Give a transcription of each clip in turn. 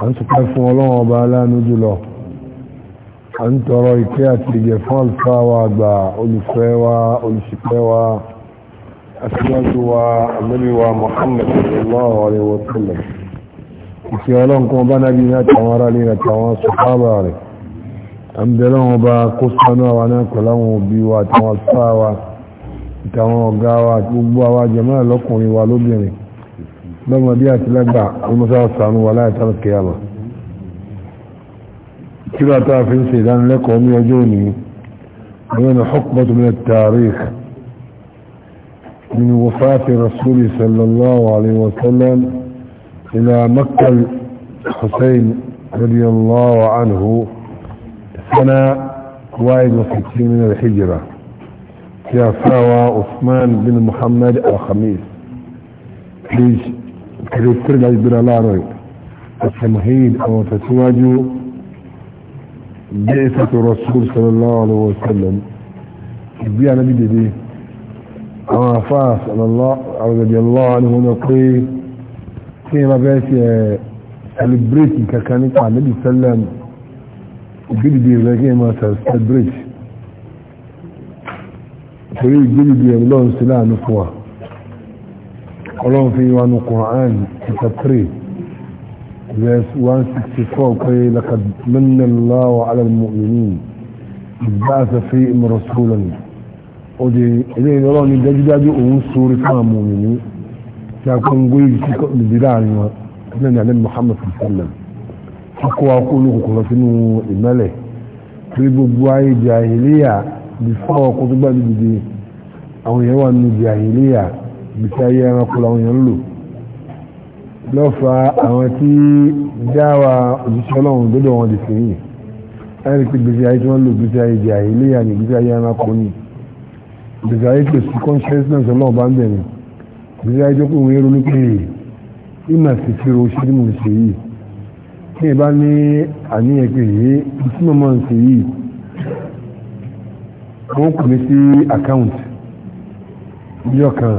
a ń sọpẹ́ fún ọlọ́wọ́ ọba aláàánú jùlọ a ń tọrọ ìkẹ́ àti ìgẹ̀ fún àlùfáà wa àgbà olùfẹ́ wa olùṣìpẹ̀ wa aṣíwájú wa ànábì wa Muhammad sallallahu alaihi wa sallam ìkẹ́ ọlọ́nkọ́ bá nábi wa àtàwọn àlùfáà wa àtàwọn ọ̀gá wa لما بيات لبع المساوسة عنه ولا يترك يلا كذا تعرفين سيدان لكم يجوني بين حقبة من التاريخ من وفاة رسول صلى الله عليه وسلم إلى مكة الحسين رضي الله عنه سنة 61 من الحجرة يا فاوى عثمان بن محمد الخميس Please. تذكر لك برالارو السمهيد او تسواجو بيسة الرسول صلى الله عليه وسلم بيا نبي دي, دي. اما فاس على الله رضي الله عنه نقي في ما بيس البريت كانت على النبي صلى الله عليه وسلم لكن ما تستبريت تريد جلدي الله سلاح نفوه ọlọ́run fi wà ní Qur'an chapter three verse one sixty four pé lakad manna Allahu ala al-mu'minin ìbáṣe fi ìmọ̀ rasulan òde ilé ìlọ́rọ̀ ni dájúdájú òun sórí fún àwọn mùmìnì tí a kọ́ ń gbé ìdí ìdí láàrin wọn ní ní alẹ́ Muhammad sallam ọkọ̀ wa ní kòkòrò sínú ìmẹ́lẹ̀ torí gbogbo ayé jahiliya bí fáwọn kó tó gbàgbé dìde àwọn èèyàn wà nínú jahiliya bìtí ayé ẹranko làwọn èèyàn ń lò lọ́fà àwọn tí dáwà òjíṣẹ́ ọlọ́run gbọ́dọ̀ wọn lè fèyìn ẹni pé gbèsè ayé tí wọ́n lò gbèsè ayé jẹ àyè ilé àyè gbèsè ayé ẹranko ni gbèsè ayé tó sí consciousness ọlọ́run bá ń bẹ̀rẹ̀ gbèsè ayé tó kù wọ́n ronú pé ìmọ̀ sí fèrè oṣù tí mo ń ṣe yìí tí ìbá ní àníyàn pé yìí tí mo máa ń ṣe yìí wọ́n kù mí sí àkáǹtì ọjọ́ kan.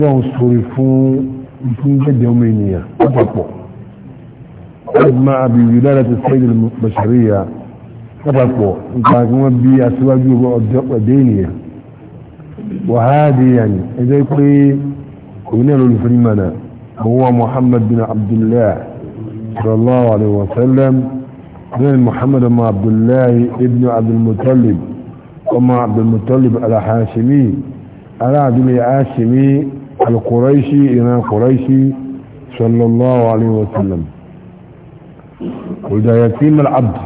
wọ́n sọ̀rọ̀ fún ìfúnjẹ́dẹ̀ ọmọ ènìyàn lápapọ̀ ẹgbẹ́ àbìrì lára ti sẹ́yìn bàṣàríyà lápapọ̀ nípa kí wọ́n bí aṣíwájú ọ̀dẹ́ ènìyàn wàhádìí yàní ẹjẹ́ pé òun náà lórí fún ìmọ̀nà àwọn muhammad bin abdullahi sallallahu alaihi wasallam bin muhammad bin abdullahi ibn abdulmutalib ọmọ abdulmutalib alhashimi aláàdúlẹ̀ ashimi القريشي إلى قريشي صلى الله عليه وسلم وإذا يتيم العبد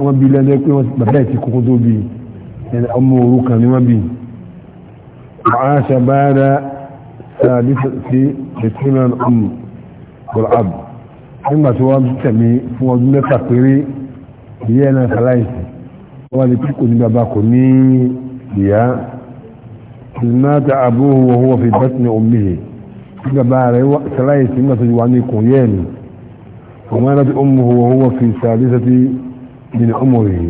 وبي لديك وبيتي كخذوا بي يعني أمه ركن وبي وعاش بعد ثالثة يتيم الأم والعبد ثم تواب تمي فوضنا تقري لينا ثلاثة ولكن كنت بابا كني يا مات أبوه وهو في بطن أمه جبارة ثلاث سنة جواني كوياني ومانت أمه وهو في ثالثة من عمره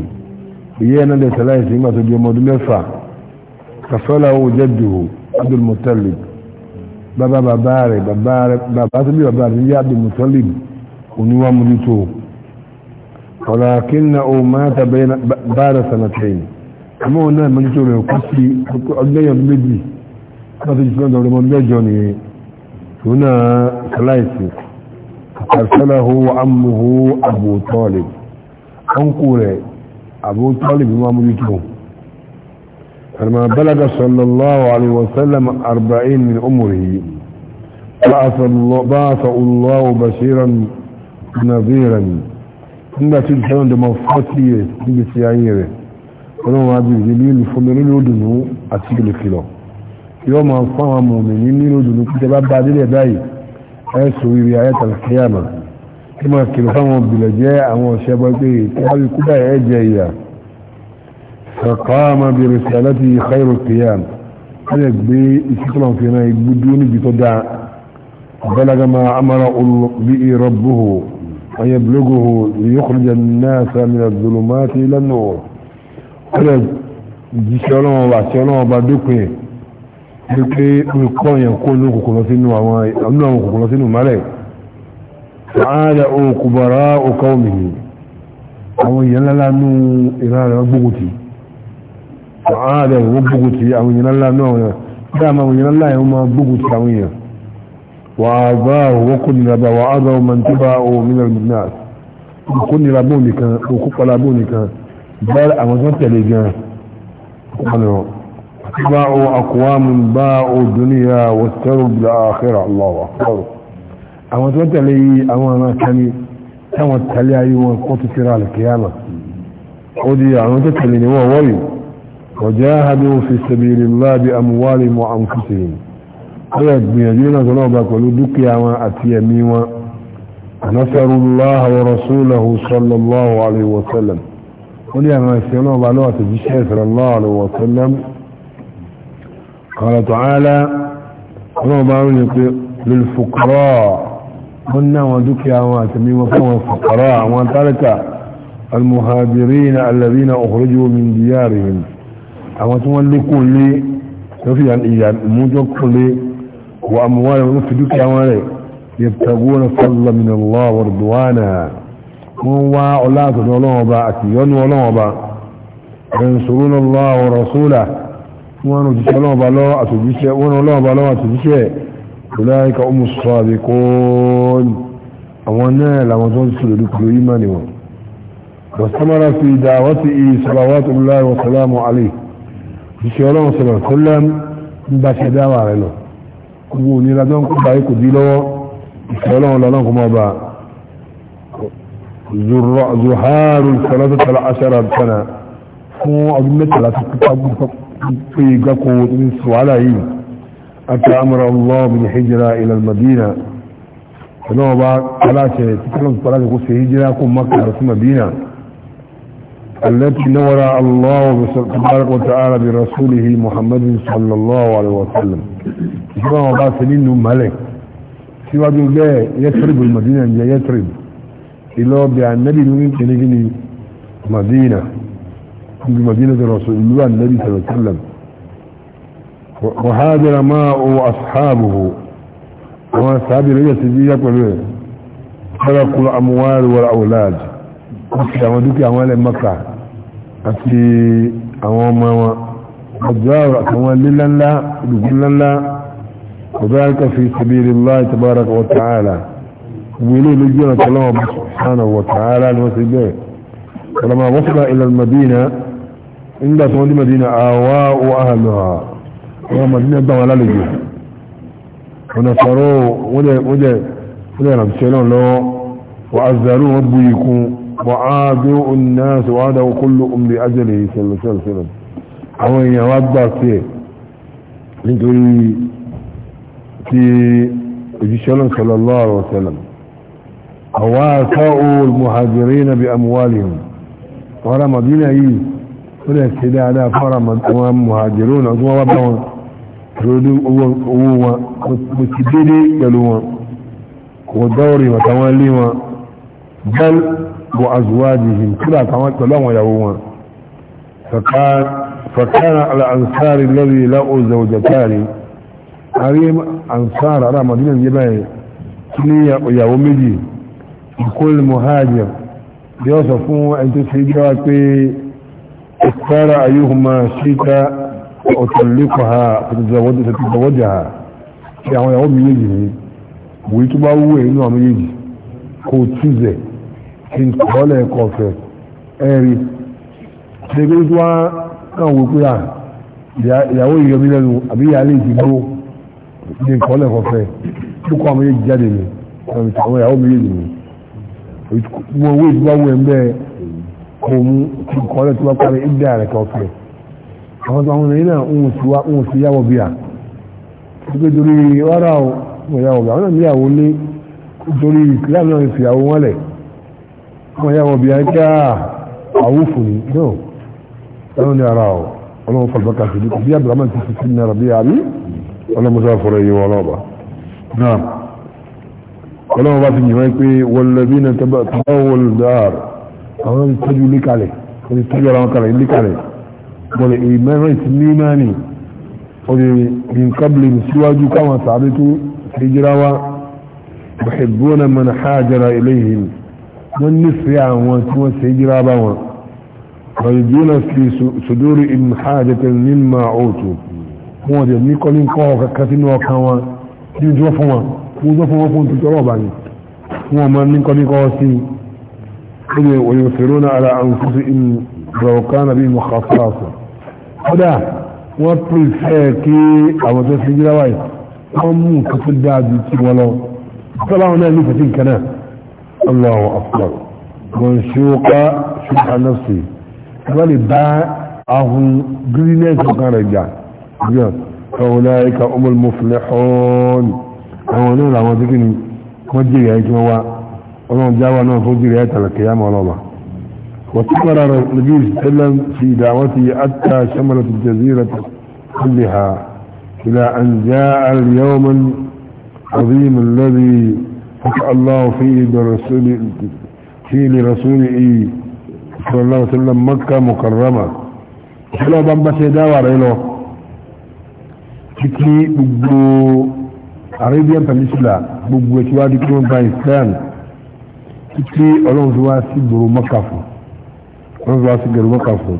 يانا لثلاث سنة جمود مفا كفله جده عبد المطلب بابا باباري باباري باباري باباري يا عبد المطلب ونوام لتو ولكنه مات بين بعد سنتين àmọ́ wọn náà mọ́jútó rẹ̀ kú sí ọdún méjì láti jù fún ọmọ mẹ́jọ ni òun náà sàláìsì àṣàláhó amúhó Abu Talib ọkù rẹ̀ Abu Talib bí wọ́n mọ́jútó àmà balaga sallallahu alaihi wasallam arba'in min umrihi ba'atha Allahu bashiran nadhiran nígbà tí ìjọba ọdún mọ́ 40 years níbi sí ayé rẹ̀ ọlọ́run wa bí ìdílé ìlú fún mi nínú òdùnnú àti ìlùkìlọ̀ yóò máa fún àwọn ọmọ mi nínú òdùnnú pípẹ́ bá ba délẹ̀ báyìí ẹ̀ sọ ìrì ayẹ́tàlẹ̀ kíyàmà kí máa kìlọ̀ fáwọn òbílẹ̀ jẹ́ àwọn ọ̀ṣẹ́ bọ́ pé tábí kú báyìí ẹ̀ jẹ ìyà sọ̀kọ́mà bí rìsì aláti ìkáyọ̀rọ̀ kíyàm wọ́n gbé ìṣíkọ̀lọ̀ fi náà ọ̀rẹ́ jíṣẹ́ ọlọ́wọ́n wà sí ọlọ́wọ́n bá dópin ẹ̀ ní pé olùkọ́ yẹn kó ní kòkòrò sínú àwọn ọmọ àwọn kòkòrò sínú mọ́lẹ̀ ààrẹ òkùbọ̀rá òkà òmìnir àwọn èèyàn ńláńlá nú ìran rẹ̀ gbógùtì ààrẹ òwò gbógùtì àwọn èèyàn ńláńlá nú àwọn dáàmà àwọn èèyàn ńláńlá yẹn máa gbógùtì àwọn èèyàn wà á bá òwò kò nira bá wà á bá ọmọ nítorí bá òmìnira nìkan òkú nira bóun nìkan òkú pala bóun nìkan بل أمازون تليجان قالوا باعوا أقوام باعوا الدنيا واشتروا بالآخرة الله أكبر أمازون تلي أمانا كاني تم التلي أيوان قوت سراء الكيامة ودي أمازون تلي نوا وري وجاهدوا في سبيل الله بأموالهم وأنفسهم قلت بيجينا ذنوبك ولدك وأتي ميوا نصر الله ورسوله صلى الله عليه وسلم قل يا مسيرنا بعلوة الجشعي صلى الله عليه وسلم قال تعالى قلوا للفقراء قلنا نعم، ودك يا واتمي وفوا الفقراء وانتالك المهاجرين الذين أخرجوا من ديارهم أما تولكوا لي وفي يعني الإيان موجك لي وأموالهم في دك يا يبتغون فضل من الله ورضوانها wọ́n wá ọlátọ̀dọ̀ ọlọ́ọba àti yọnu ọlọ́ọba ẹ̀nsùrún ọlọ́wọ̀ rọ̀súlà wọ́n òjíṣẹ́ ọlọ́ọba lọ́wọ́ àtòjíṣẹ́ ọláìka umusọ́bí kóòlù àwọn náà làwọn tó ń sọ̀rọ̀ lùkùrù ìmá ni wọn wàstamara fi dáwọ́tí ìsọ̀làwọ́tí ọláì wasalamu alẹ́ jíṣẹ́ ọlọ́wọ́ sọ̀rọ̀ kọ́lẹ́m ń bá ṣe dáwà rẹ̀ lọ ìṣẹ́ ọlọ́wọ́ lọ́lọ́kùnmọ́ bá زهار ثلاثة عشر سنة فو أظن ثلاثة كتاب في قوة أتى أمر الله بالهجرة إلى المدينة فنو بعد ثلاثة تكلم ثلاثة قصة هجرة كم مكة رسم مدينة التي نور الله تبارك وتعالى برسوله محمد صلى الله عليه وسلم فنوع بعد سنين ملك سواء يقول يترب المدينة يترب ìlọ́ọ̀bì ànẹ́bì ní kìnnìkì ní madina ní madina tó rọ̀sọ̀ ìlú ànẹ́bì sàlọ̀sálàm وحاضر معه أصحابه وما أصحابه ليس سجية قلوه سرقوا الأموال والأولاد ọkẹ àwọn dúkìá àwọn ẹlẹ mọ́kà àti àwọn ọmọ wọn ọjọ́ àtàwọn lílá ńlá ìdùgbò ńlá ńlá ọ̀dọ́ àríkà fi sabilillahi tabaraka wa ta'ala ومن لجينا كلام سبحانه وتعالى المسجد فلما وصل إلى المدينة عند صوت المدينة آواء أهلها وما مدينة دولا لجي ونصروا ودي ودي وده رمسلون له وعزلوا ربيكم وعادوا الناس وعادوا كل أم لأجله صلى الله عليه وسلم àwọn èèyàn wá gbà في ẹ̀ صلى الله عليه وسلم وواسعوا المهاجرين بأموالهم ورا مدينة ايه ولا سيدة على فرا أمام مهاجرون أدوا وابنون ردوا أووا مستدري قالوا ودوري وتواليوا بل وأزواجهم كلا تمت لهم يهوما فكان فكان الأنصار الذي له زوجتان أريم أنصار على مدينة جبال كنية يوم مجيب ìkólè mohajir bí ó sọ fún ẹni tó ṣe jẹ́ wá pé ìkára ayéhùnmá ṣíta ọ̀tọ̀lẹ́kọ̀ ha tẹ̀tẹ̀wọ́jà ha tí àwọn ìyàwó méjèèjì ní wòye tó bá wúwo inú àwọn méjèèjì kò túzẹ̀ kí n kọ́lẹ̀ kọfẹ̀ ẹ̀rí ṣẹgbẹ́ tó wá náà wò pé à kọ́lẹ̀ kọfẹ̀ tó kọ́ àwọn méjèèjì jáde ní àwọn ìyàwó méjèèjì ní wọ owó ìdúgbà wọ ẹ̀ ń bẹ́ẹ̀ kò mú kí kọ́lẹ̀ tó bá parí ìdá rẹ̀ kọ́ fẹ́ àwọn tó àwọn ènìyàn ń sì wá ń sì yàwọ̀ bíà wípé torí rárá o wọ́n yàwọ̀ bíà wọ́n náà níyàwó lé torí ìkìláàmù náà ìfìyàwó wọn lẹ̀ wọ́n yàwọ̀ bíà ká ah, àwòfù ni náà ẹ̀rọ ní ara o ọlọ́run fọlọ́bọ́kà sí bí abdulhamid ti fi sí ní arabi àbí ọlọ́mọdé àfọlẹ́yìn wọn ọlọ́ba ọlọ́run bá fi yìnbọn pé wọlọ́bí náà tọ́wọ́ dáàrù àwọn ìtọ́jú líkalẹ̀ wọ́n ti tọ́jú ara wọn kalẹ̀ líkalẹ̀ bọ̀lẹ̀ ìmẹ́rin ti ní náà ni ọdẹ ìǹkàbìlì síwájú káwọn sàbẹ̀ tó ṣe jira wa bàṣẹ̀bọ́nà mọ̀nà hajara iléyìn wọ́n nífẹ̀ẹ́ àwọn tí wọ́n ṣe jira bá wọn rọ̀jùnà fi sùdúrì in hajjata nínú ma'ótó wọn ọdẹ ní kọ́lí ń kọ́ ọ̀kà wọn ní ìjọ fún wọn mo sọ fún wọn fún tuntun ọlọ́wọ́ bá ní fún wọn máa ní kọ́níkọ́ sí i ilé òyìnbó fèrè náà ara àwọn fúnṣe ìmú bọ̀ọ̀kan àbí ìmọ̀ kàfàṣà kódà wọ́n pèsè kí àwọn tó ṣe jíra wáyé wọ́n mú nǹkan tó dáa ju ti wọn lọ sọ́lá wọn náà ní fẹ̀sí nǹkan náà Allahu akbar wọn ṣíwọ́ká ṣùgbọ́n nọ́ọ̀sì wọ́n lè bá ahun gírí náà tó kàn rẹ̀ jà bí wọn kàwọn náà ikà umul muflihun àwọn náà làwọn tí kì ní wọ́n jèrè ayé tí wọ́n wá ọlọ́run jáwá náà fún jèrè ayé tàlẹ̀ kìyà mọ́ ọlọ́ba واستمر النبي صلى الله في دعوته حتى شملت الجزيرة كلها إلى أن جاء اليوم العظيم الذي فتح الله فيه برسول فيه لرسوله صلى الله عليه وسلم مكة مكرمة ṣílọ́ bá ń bá ṣe dáwà rẹ̀ lọ títí gbogbo arabian peninsula gbogbo ẹtí wá di kí wọn gba islam títí ọlọ́run fi wá sí gbòòrò mọ́kà fún ọlọ́run fi wá sí gbòòrò mọ́kà fún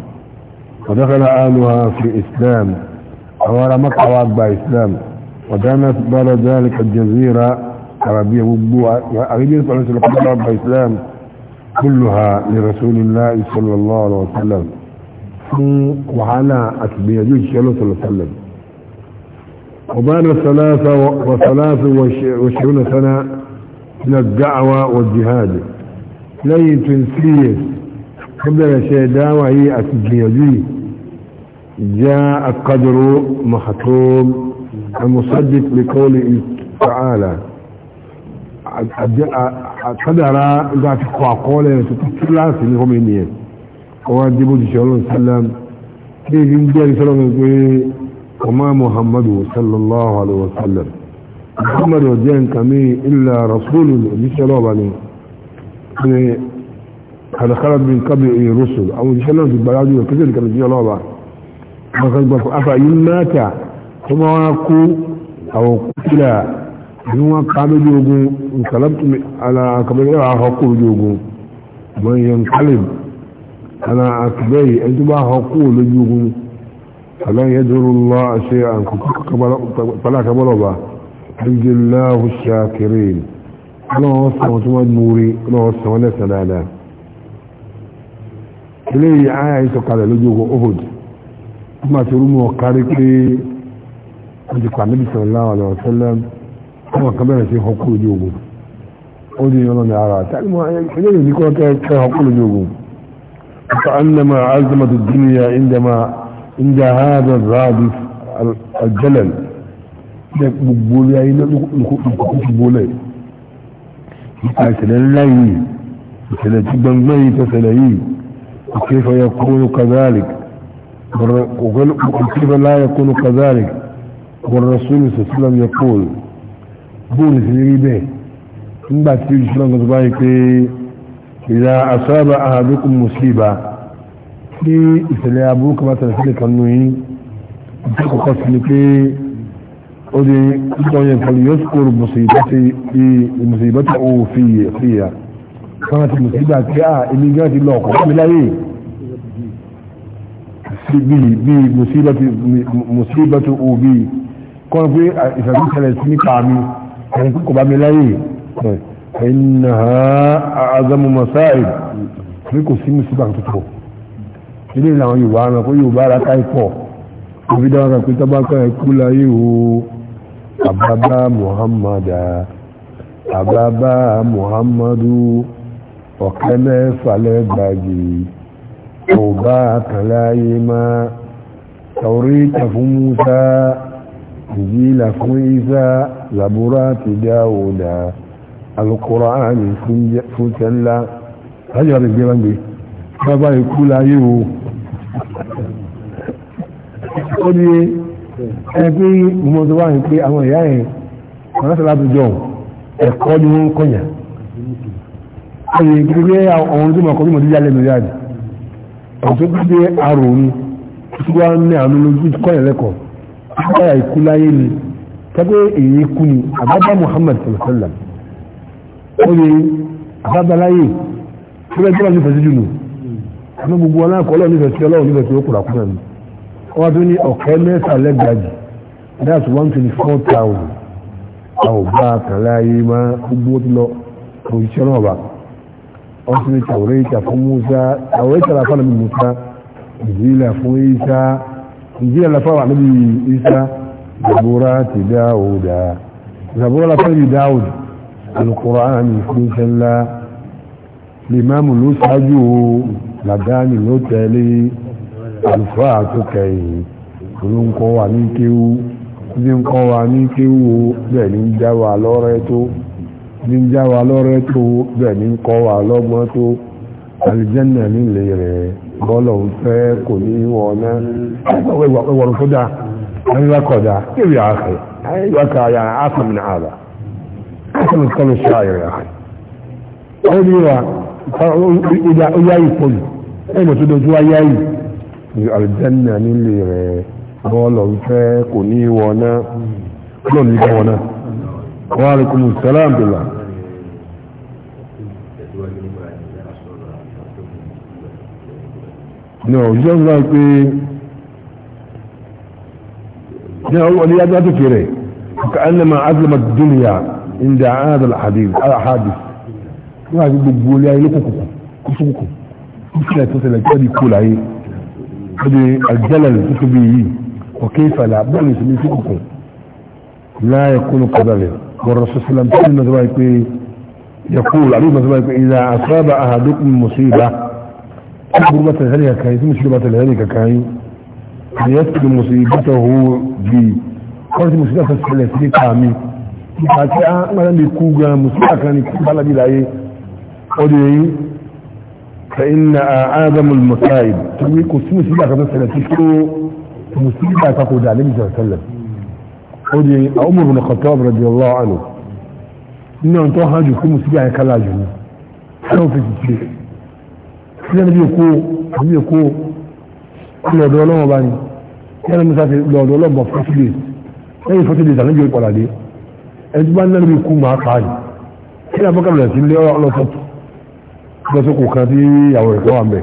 ọ̀dọ́kọ̀lá àánú ha fi islam àwọn ará mọ́kà wá gba islam ọ̀dánà bára dáàlì kàjẹ́zìrà arabiya gbogbo arabian peninsula kọ́kọ́ wá gba islam kúlùhà ní rasulillah sallallahu alaihi wa sallam fún wàhálà àtìgbìyànjú ìṣẹ́lẹ̀ sallallahu وبان الثلاثة وثلاث وعشرون سنة من الدعوة والجهاد لين تنسيس قبل شيء دعوة هي أتجيزي جاء القدر محكوم المصدق لقوله تعالى قدر ذات قواقول تتكلم في الهمينية وعندي بودي شعور سلام كيف يمدير سلام يقول وما محمد صلى الله عليه وسلم محمد وجين كمي إلا رسول الله عليه يعني هذا خلق من قبل رسول أو إن شاء الله في البلاد وكذل كما وكثير كان بشلوب وقد أفإن مات ثم واقوا أو قتلا ثم قاموا جوجو انقلبتم على قبل أحقوا جوجو من ينقلب على أكبر أنتم أحقوا لجوجو فلا يدر الله شيئا فلا كبر الله حمد الله الشاكرين الله وصل وتمد نوري الله وصل ونسى لنا إليه آية قال لجوه أهد ما ترموا وقارك أنت قال النبي صلى الله عليه وسلم هو كبير في حقوق جوه أودي يلا نعرى تعلموا حجري لكوة كحقوق جوه فأنما عزمت الدنيا عندما عند هذا الرادف الجلل بقول يا بقول لي فسلي وكيف يكون كذلك وكيف لا يكون كذلك والرسول صلى الله عليه وسلم يقول بول سيريبه ان باتي شلون غزبايك اذا اصاب احدكم مصيبه pé ìṣẹ̀lẹ̀ aburú kan bá ṣẹlẹ̀ sílẹ̀ kan nù yín ìjọ kọ̀kọ́ sí ni pé ó di ìjọ yẹn pẹ̀lú yóò sọ̀rọ̀ mùsùlùmí ó fi yẹ fi yà kan àti mùsùlùmí àti à ah, èmi gan ti lọ ọkọ̀ bá mi láyè bí bí mùsùlùmí ó bí kan pé ah, ìṣẹ̀lẹ̀ ṣẹlẹ̀ sí nípa mi ẹni kò bá mi láyè ẹ̀yìn náà àzọmọmọ sáà ẹ̀ kò sí mùsùlùmí ilé ìlànà yorùbá ara fún yorùbá ara káìpọ̀ òbí dáwọn kan pé tábàkà ẹkú láyé o àbábá muhammadu àbábá muhammadu ọ̀kẹ́ mẹ́fà lẹ́gbàgì ọba kàláyé má tàwórí tàfún musa ìjìlá fún isa labura ti dáwòdà alukóraánì fún tẹ́lá lájọ́ rẹ̀ gbé wọ́n gbé bàbá ikú láyé o ó ní ẹgbẹ́ mọ́tò wáyé pé àwọn ìyá ẹ̀ ọ̀rẹ́sẹ̀ látijọ́ ẹ̀kọ́ ni wọ́n ń kọ̀yà ẹ̀yẹ gbígbé àwọn tó mọ̀ kọ́ bí mọ̀ díjà lẹ́nu yáàdì ọ̀tọ́ gbígbé arò ní tí wọ́n ní àánú lójú kọ́yà lẹ́kọ̀ọ́ kọ́yà ikú láyé ni tẹ́gbẹ́ èyí kú ni àbábá Muhammad sallallahu ó ní àbábá láyé tí wọ́n gbọ́dọ̀ ní fẹ̀síjù nù àmọ́ gbogbo wọn náà kọ́ lọ́wọ́ nífẹ̀ẹ́ sí ọlọ́wọ́ nífẹ̀ẹ́ sí ó kura kúrẹ́ mi wọ́n tún ní ọ̀kẹ́ mẹ́ta lẹ́gbàájì that's one twenty four thousand àwọn bá a kàn láàyè máa gbogbo ti lọ òṣìṣẹ́ náà bá wọ́n tún ní tàwọ́rẹ́ ìta fún Musa tàwọ́rẹ́ ìta làfà nàbí Musa ìjìlá fún Isa ìjìlá làfà wà nàbí Isa Zabura ti Dáwùdà Zabura làfà nàbí Dáwùdà Al-Qur'an àmì ìfúnṣẹ́ ńlá lè máàmù ló ṣáájú o làdáni ló tẹ̀lé àlùfáà tó kẹ̀yìn ló ń kọ́ wa ní kéwú ní ń kọ́ wa ní kéwú bẹ́ẹ̀ ní ń já wa lọ́rẹ́ tó ní ń já wa lọ́rẹ́ tó bẹ́ẹ̀ ní ń kọ́ wa lọ́gbọ́n tó àlùjànnà nílé rẹ̀ bọ́lọ̀ ń fẹ́ kò ní wọ̀ náà ẹ̀wọ̀n fúdà ẹ̀wọ̀n kọ̀dà kébì àfẹ́ ẹ̀wọ̀n kàyà àfẹ́mìnà àbà àfẹ́mìnà kọ́lù ṣáà yẹ̀rẹ̀ àfẹ́ ó ní wa ó yá ìpolù ẹ̀yìn mọ̀ tó dojú ayé yìí àlùjánnà nílé rẹ̀ bọ́ọ̀lù ọ̀fẹ́ kò ní wọ náà lọ́nà ní wọ náà wọ́n á rí kúmù sálàm bìlà. ní ọ̀jọ́ ńlá pé ní ọwọ́ ní yájá tó kéré ka'annama azlamat dunya inda hadha al-hadith al-hadith wọ́n á rí gbogbo ilé ayé lókùnkùn kúsùnkùn ìṣẹ̀lẹ̀ tó ṣẹlẹ̀ kẹ́ẹ̀dì kú láyé ó di àjẹ́lẹ̀ tó tóbi yìí ọ̀kẹ́ ìfàlà bọ́ọ̀lù ìṣẹ̀lẹ̀ sí kùkùn láyé kúnnù kọ́dàlẹ̀ wọ̀rọ̀ sọ́sọ́lám tó ní mọ̀tọ́bá pé يقول عليه الصلاة والسلام إذا أصاب أحدكم مصيبة غربة ذلك كاي ثم شربة ذلك كاي يسكن مصيبته بقرة مصيبة الثلاثين كامي فأتي أعمل بكوغا مصيبة كان يكون بلدي لأيه أوديه فإن آدم المصائب تقول مصيبة كما سنتشكو مصيبة تقول عليه صلى الله عليه وسلم قولي عمر بن الخطاب رضي الله عنه إنه أنتو حاجة كل مصيبة كلا جنة حلو في الشيء كلا نبي يقول نبي يقول كلا دولة مباني كلا مسافر لو دولة مفتليس أي فتليس أنا جيب ولا دي أجبان نبي يقول معك عالي كلا بكر لأسين لي أولا صوت lọ́sọ́kù kan tí ìyàwó rẹ̀ kọ́wà mẹ́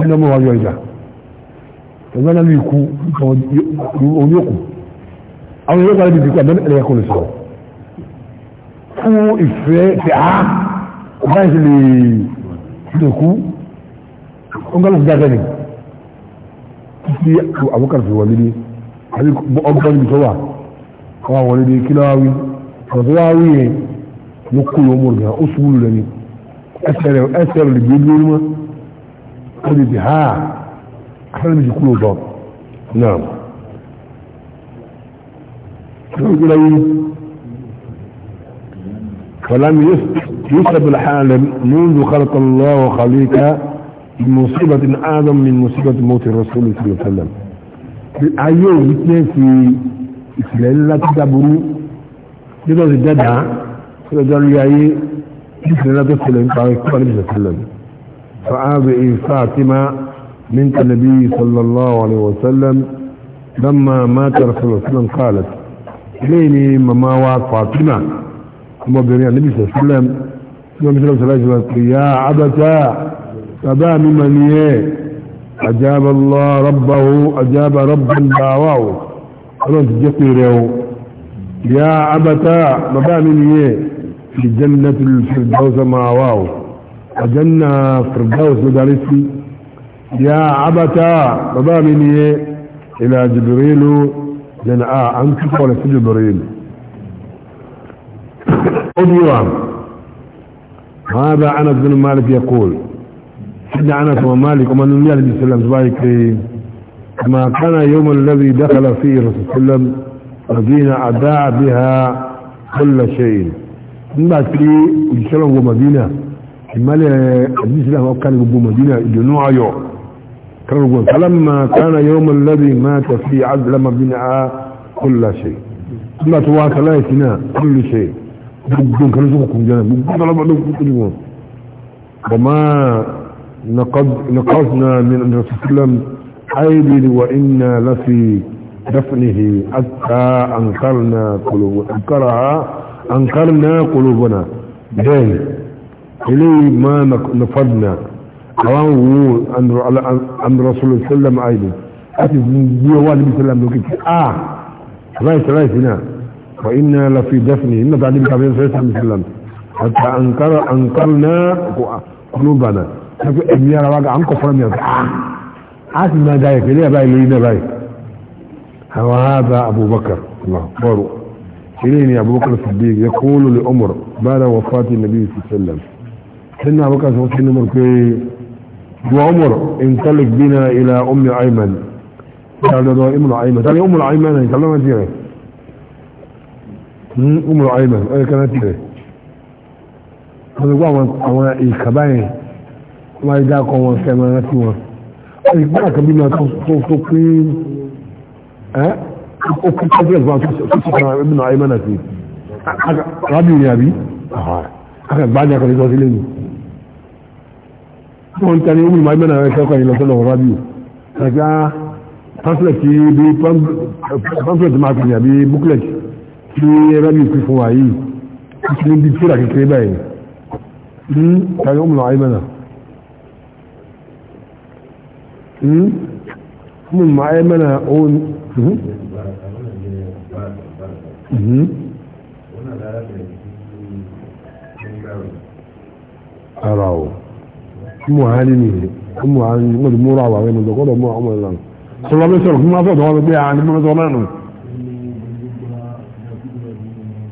ẹni ọmọ wa yọ ìjà ẹgbẹ́ náà ikú orí òkú àwọn ìwé ìpàdé ìdìkú àbẹ́ ẹ̀rẹ́ kò lè sọ̀rọ̀ fún ìfẹ́ ti á ọba ìṣe lè dòkú ó ń gbàlùkù dáadáa ni títí àwọn kan fi wọlé dé àbí ọgbọ́n níbi tó wà àwọn wọlé dé kí lọ́wọ́ wí ọ̀rọ̀ wá wí yẹn ló kú lọ́mọ́ rẹ̀ ó sùúrù lẹ́ni ẹsẹ̀rẹ̀ ẹsẹ̀rẹ̀ lè gbé lórí mọ́ ó lè dì háà akẹ́lẹ́ méjì kúrò bọ́ náà lórí gbé láyé فلم يسلب الحال منذ خلق الله خليقا بمصيبة أعظم من مصيبة موت الرسول صلى الله عليه وسلم ayé òwú tí ń fi ìsìlẹ̀ ńlá tó dáburú nígbà tó dáadáa tó lọ́jọ́ lórí ayé مثل لا فآبئي فاطمة بنت النبي صلى الله عليه وسلم لما مات رسول الله صلى الله عليه وسلم قالت ليني مما وعد فاطمة ثم بني النبي صلى الله عليه وسلم ثم مثل صلى يا عبتا فبا ممن أجاب الله ربه أجاب ربا دعواه أنا له يا عبتا فبا ممن يه في جنة الفردوس واو وجنة فردوس مدارسي يا عبتا بابا مني إلى جبريل جنة آه أنت ولا جبريل أدوام هذا أنس بن مالك يقول سيدنا أنس ومالك ومن النبي عليه السلام سبحانه ما كان يوم الذي دخل فيه رسول صلى الله عليه وسلم الذين أداع بها كل شيء nígbà tí òjíṣẹ́ lọ́wọ́ Madina ìmọ́lẹ̀ àdísílẹ̀ àwọn kan gbogbo Madina ìdùnnú ayọ̀ kan gbogbo kalama kana yawma alladhi mata fi azlama bin a kulla shay nígbà tó wá kala ìsinà kullu shay gbogbo nǹkan ló sókùnkùn jẹ́ gbogbo nǹkan lọ́pàá ló kúrò wọn bọ̀má نقضنا من الرسول صلى الله عليه وسلم عيدي وإنا لفي دفنه حتى أنكرنا قلوب أنكرها أنكرنا قلوبنا دين إليه ما نفضنا رواه أن رسول الله صلى الله عليه سلم أيضا أتي الله عليه وسلم آه رايس رايس هنا وإنا لفي دفنه إن تعليم كبير صلى الله عليه وسلم حتى أنكر أنكرنا قلوبنا نقول إميار إيه واقع عن كفر ميار آه عاش ما دايك ليه باي لينا باي هذا أبو بكر الله أكبر يا أبو بكر الصديق يقول لعمر بعد وفاة النبي صلى الله عليه وسلم سيدنا أبو بكر الصديق عمر كي وعمر انطلق بنا إلى أم أيمن قال له أم أيمن قال أم أيمن يكلمها تيري أم أيمن أي كانت تيري قال له أنا إيكاباين ما يداكم وسيما نتيوا أي كبيرة تصوصوا كين أه ọkùn kọ́bílẹ̀ fún akẹ́kọ̀ọ́ ẹ̀mìnà àìmọ́nà sí rábì ní àbí akẹ́gbàájá kan lọ sílé ní wọ́n ń tẹ́lẹ̀ omi àìmọ́nà rẹ̀ kẹ́kọ̀ọ́ yìí lọ́sọ́lọ̀ rábì ẹ̀gbá pamphlet bí pamphlet máa pè ní àbí booklet tí rábì pè fún wa yìí tí ní bí fúra kékeré báyìí ní mun ma ai mana on mhm. mhm. arawo mu hali ni mu hali ni mo mu rawa ni mo ko do mo mo lan so la be so ko ma so do be an mo so na no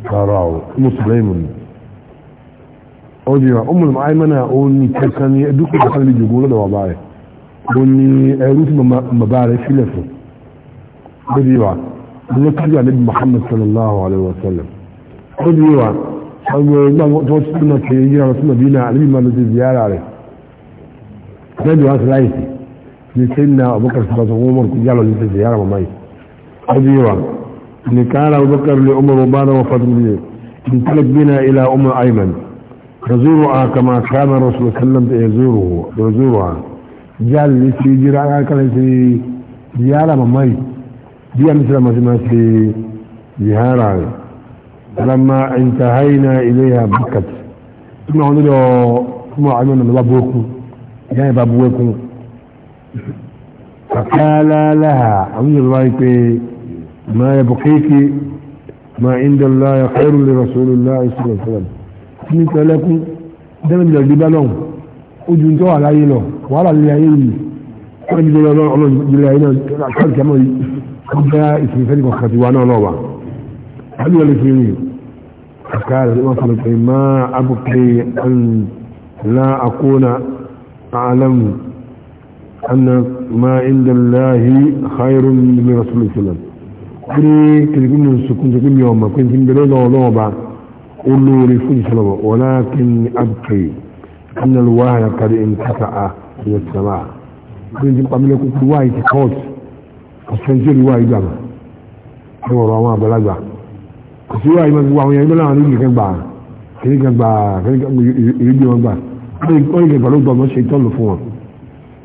arawo muslimun odiwa ummul maimana on ni kan ni duk da ni jogo da wa baya mo ní ẹrú tí bàbá rẹ̀ sílẹ̀ fún ó di wa ló kájú àlebi Muhammad sallallahu alayhi wa sallam ó di wa ọgbọ̀n ìgbà tí wọ́n ti tún náà kéré yíra ọtún nàbí náà àlebi máa lọ sí ziyara rẹ̀ lẹ́bi wá sí láìsí ní sẹ́yìn náà Abubakar sọ̀rọ̀ sọ̀rọ̀ wọn kò yálọ̀ ní sí ziyara màmá yìí ó di wa ní kára Abubakar lè ọmọ bàbá náà wọ́n fàtúmù yìí انطلق بنا الى ام ايمن نزورها كما كان الرسول صلى الله عليه وسلم يزورها jáde ṣe jíra kálẹ̀ ṣe ziyara màmá yìí bí a mísìlá màá ṣe máa ṣe ziyara rẹ̀ alamma intahaina ilayha bakat tuma wọn lọ tuma wọn lọ bá bókun ìyá yẹn bá bókun kàkálá láha àwọn yóò bá yìí pé ma yẹ bukiki ma inda Allah ya khairu li rasulillah sallallahu alaihi wasallam kí ni tẹ́lẹ̀kún dẹ́nu bí lọ́ọ́ di bá lọ́hùn ojú tó wà láyé lọ wàhálà lè ayé yìí wọ́n ti jẹ́ ọlọ́run ilé ayé náà káàdì kẹ́mọ́ yìí wọ́n bá ìsinmi sẹ́ni kọ̀ọ̀kan ti wá náà lọ́wọ́ wọ́n ti wọ́n lè fi rìn àkàrà wọ́n sọ̀rọ̀ pé má abùkẹ́ ńlá àkóónà àlámù أن ما عند الله خير من رسول الله صلى الله عليه وسلم kiri kiri kiri sukun sukun yoma kiri kiri bere lɔlɔba olórí fún ìṣòro wọlá kí ni abukẹ́ yìí. أن الوهن قد انقطع من السماء من جمع من كل واحد كوت كسنجر واحد جمع هو رواما بلغة كسي واحد من واحد يعني بلا عن يجي كبا كني كبا كني كبا يجي كبا كني كني كبا لو ضم الشيطان لفوق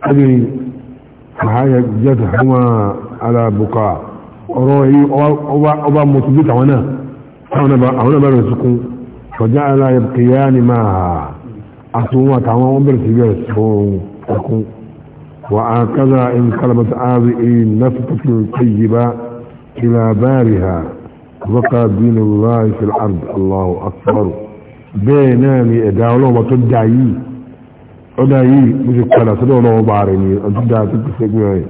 هذه فهي جت هما على بقاء روحي أبا أبا مثبت هنا هنا هنا بقى سكون فجعل يبقيان معها àtúnwà táwọn wọn bẹ̀rẹ̀ sí bẹ̀rẹ̀ fún ẹkún wà á kádà in kalabata áàrí èyí nafatatu tayyiba ila bariha baka dinu láì fi al'ard allahu akbar bẹ́ẹ̀ náà ni ẹ̀dá ọlọ́wọ́ tó dá yìí ó dá yìí mo ti padà sọ́dọ̀ ọlọ́wọ́ bá rẹ̀ ni ọdún dá tó ti sẹ́gun rẹ̀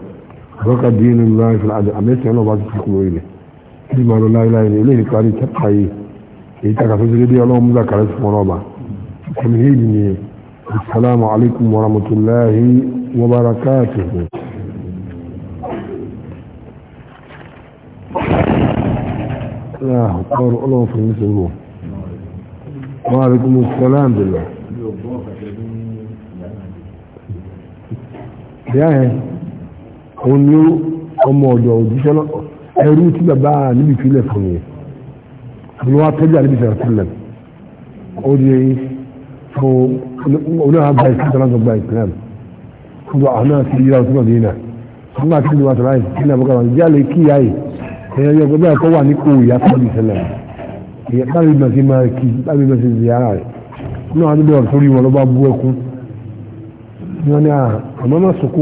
baka dinu láì fi al'ard àmẹ́sẹ̀ ọlọ́wọ́ bá ti sẹ́gun rẹ̀ ni ìdí màá lọ láìláì ni ilé ìkárí tẹ́pà yìí èyí takàtúndínlẹ́dẹ́ ọlọ́wọ́ mú zàkàrẹ́ sí wọn ọba حميدني السلام عليكم ورحمة الله وبركاته لا قار الله في مثله بالله yáyẹn òun ni ọmọ ọ̀dọ̀ òjíṣẹ́ náà ẹrú tí bàbá níbi ìfilẹ̀ fún yẹn ni wọ́n á tọ́jú àníbi ìfẹ́ ó di eyín so olóhà gba ìsìnkú tọ́lá gba ìsìnkú gbogbo àwọn náà ti yíra ọtún ọdún yìí náà wọn máa tẹ̀lé wa tọ́lá yìí náà bọ́kà wọn jálè kíyà yìí ẹ̀yẹ yọ gbogbo ẹ̀kọ́ wà ní kò ìyá sọ́ọ̀dì sẹlẹ̀ ìyá tábìlì mọ̀ sí máa kí tábìlì mọ̀ sí ziyara rẹ̀ náà wọn bẹ̀rẹ̀ sórí wọn ló bá bú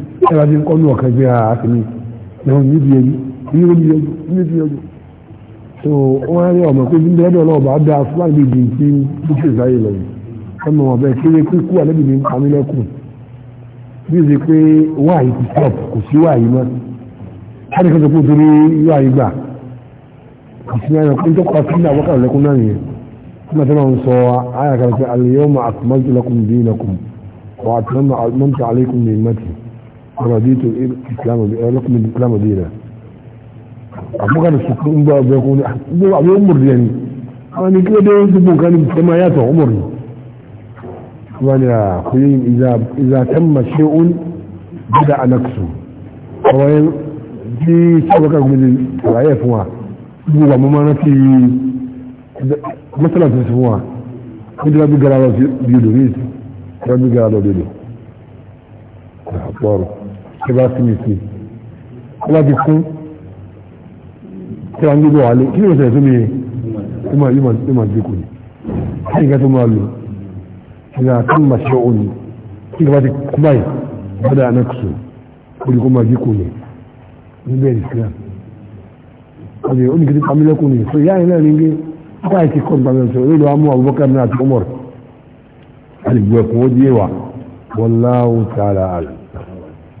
ẹ̀rọ bí nǹkan ní ọ̀kan gbé ara àti mi níbi ẹni níbi ẹni níbi ẹni so wọ́n rí ọmọ pé bíbí ẹ̀dọ̀ náà bá dáa fún àgbè ìdí tí bíkì sáyé lọ yìí ọmọ ọ̀bẹ kéré pé kú àlẹ́bí mi ń pa mí lẹ́kùn bí ó ṣe pé wáyé ti stop kò sí wáyé mọ́ láti kọ́ sọ́kún torí yóò àyè gbà kò sí ẹ̀rọ pé tó kọ́ sí ní àwọ́kà lẹ́kùn náà yẹn kuma tana sọ ayàkàlẹ̀ pé al-yawma akmaltu lakum dinakum wa رضيت الإسلام لكم الإسلام دينا àmúkà ní sùkúrú ń gbọ́ ọgbẹ́ kún ní àwọn ọmọdé yẹn ni àwọn ní kí ló dé dúpọ̀ nǹkan ní ìfẹ́mọ̀ yàtọ̀ ọmọdé wọn ni àkúyé ìzàtẹ́mà ṣe ó ń dídá anaxu ọ̀rọ̀ yẹn tí sábàkà gómìnà àlàyé fún wa gbogbo wa mọ́mọ́ náà ti mọ́sálásí fún wa kí ló gara lọ bí odò ní ìsìn ló gara lọ bí odò àpọ̀rọ̀ ẹbá sí mi sí ọba ti kún tí wọ́n ń gbé wàhálẹ̀ kí ló sẹ̀rẹ̀ tó mi yóò máa dínkù ni kí nǹkan tó máa lò ìgbà tó máa ṣe òun ni kí ló bá ti kú báyìí bọ́dà anákùsù olùkọ́ máa dínkù ni níbẹ̀ ìsìlám ọdẹ oníkìtì pamílẹ́kùn ni so yáyìn náà ní gbé báyìí ti kọ́ pamílẹ́kùn sọ olóòlù amú Abubakar náà àti Umar alìgbò ẹ̀kún ó díẹ̀ wà wallahu ta'ala alam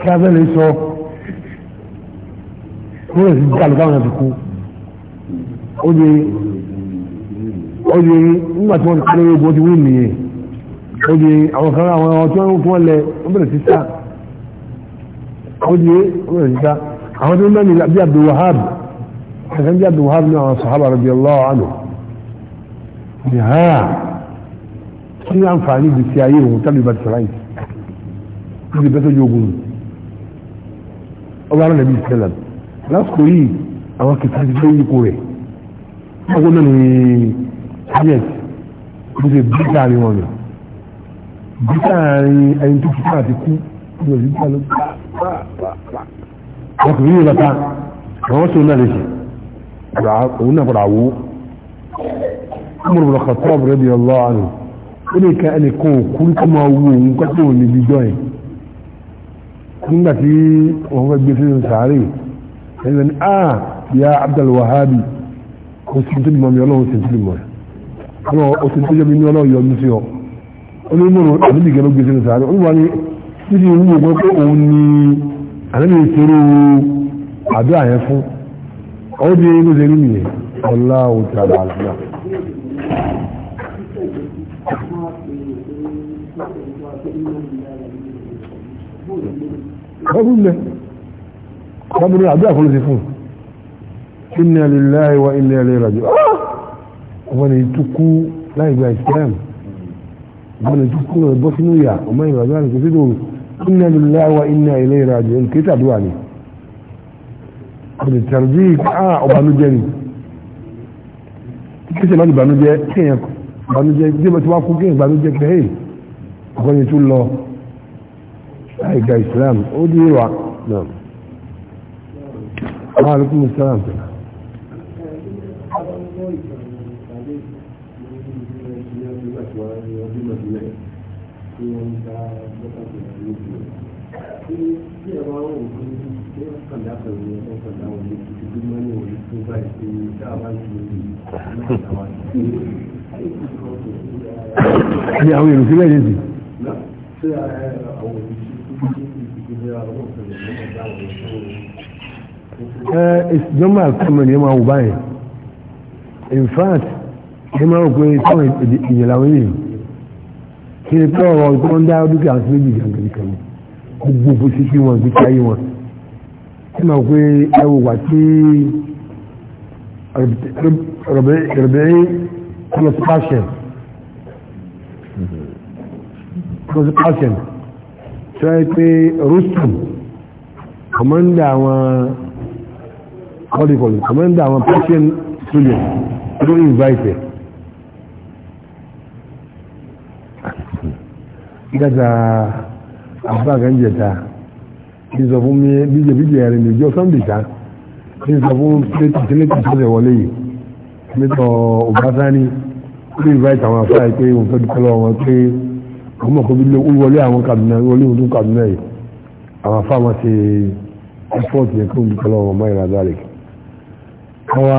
kí a fẹ́ lè sọ ó lè fi kálukú àwọn àti kú ó di ó di nígbà tí wọ́n ti kálé ogun ó ti wí nìyẹn ó di àwọn kan àwọn ọmọ tí wọ́n tún lẹ ó bẹ̀rẹ̀ sí sá ó di ó bẹ̀rẹ̀ sí sá àwọn tí wọ́n mẹ́rin bí Abdul Wahab bí Abdul ní àwọn sàhábà radiyallahu anhu ni ha kí ni àǹfààní gbèsè ayé òun tábìlì bá ti sàlàyé níbi bẹ́tọ̀ yóò gùn ọba nàbí ìsìlẹ̀lá lásìkò yìí àwọn kìtà ti fẹ́ yípo rẹ̀ ọgbọ́n náà ní harriet ló ṣe bí sáàrin wọn rẹ̀ bí sáàrin ẹni tó kìtà àti kú ló ṣe bí sáàrin wọn kì í yí bàtà àwọn tó náà lè ṣe òun náà padà wó ọmọ ìbùdókà tó ọ̀bùrẹ́bì ọlọ́ọ̀rùn ó ní ká ẹnì kan òkú kó máa wú òun kọ́tò níbi jọ́ yẹn nígbà tí wọ́n fẹ́ gbé sínú sàárè ẹni ní àà ah, ya Abdul Wahabi ó sì tó dìmọ̀ mi ọlọ́run sì tó dìmọ̀ ọlọ́run ó sì tó jẹ́ mi ní ọlọ́run yọ sí ọ onímọ̀rọ̀ àdébì gẹ́gẹ́ gbé sínú sàárè olúwa ni títí ìlú ògbọ́n pé òun ni àdébì ìṣòro àbí àyẹn fún ọ́ di inú ṣe nìyẹn ọlá òtí àlàáfíà ọdún lẹ ọdún àdúrà fún lóṣè fún inna lillahi wa inna ilayhi raji'un ah! ọmọ ni tukú láì gba islam ọmọ ni tukú rẹ bọ́ sínú yà ọmọ ìlú àdúrà ní kò sí lóru inna lillahi wa inna ilayhi raji'un ah! kí tàdúrà ni ọdún tàbí ká ọbànújẹ ni àìgbà islam ó dí ìwà náà àwọn alùpùpù islam tẹ̀lá Ní àwọn èrò sílẹ̀ yìí sí ìjọba àkọọ́mọ ni ẹ máa wò báyìí in fact ẹ máa rò pé táwọn èèyàn làwọn yìí kí ni pé ọ̀rọ̀ tó ń dá dúkìá sí méjì gàǹgàǹgàǹ gbogbo bó ti kí wọn dúkìá yìí wọn ẹ máa pé ẹ wò wá sí rẹ̀bẹ̀rẹ̀ kọlọ̀tí pàṣẹ kọlọ̀tí pàṣẹ tí wọ́n pé Rustum kọmọ́ndà àwọn kọ́dìkọ̀lù kọmọ́ndà àwọn Persian soldiers ló invite gata àbúgbàgán jẹta ìsọ fún mi bíjẹ bíjẹ ẹ̀rìn ìjọ sọ́mbìta ìsọ fún tílétì tó rẹ̀ wọlé yìí mẹ́tọ̀ ọ̀básání ló invite àwọn afẹ́ àìpé òun fẹ́ dúpẹ́ lọ́wọ́ pé ọmọ kò bíi wọlé àwọn kàdúnà wọlé ọdún kàdúnà yìí àwọn afáàmà ṣe effort yẹn kó ń dúpẹ́ lọ́wọ́ ọmọ ìlà dalek káwa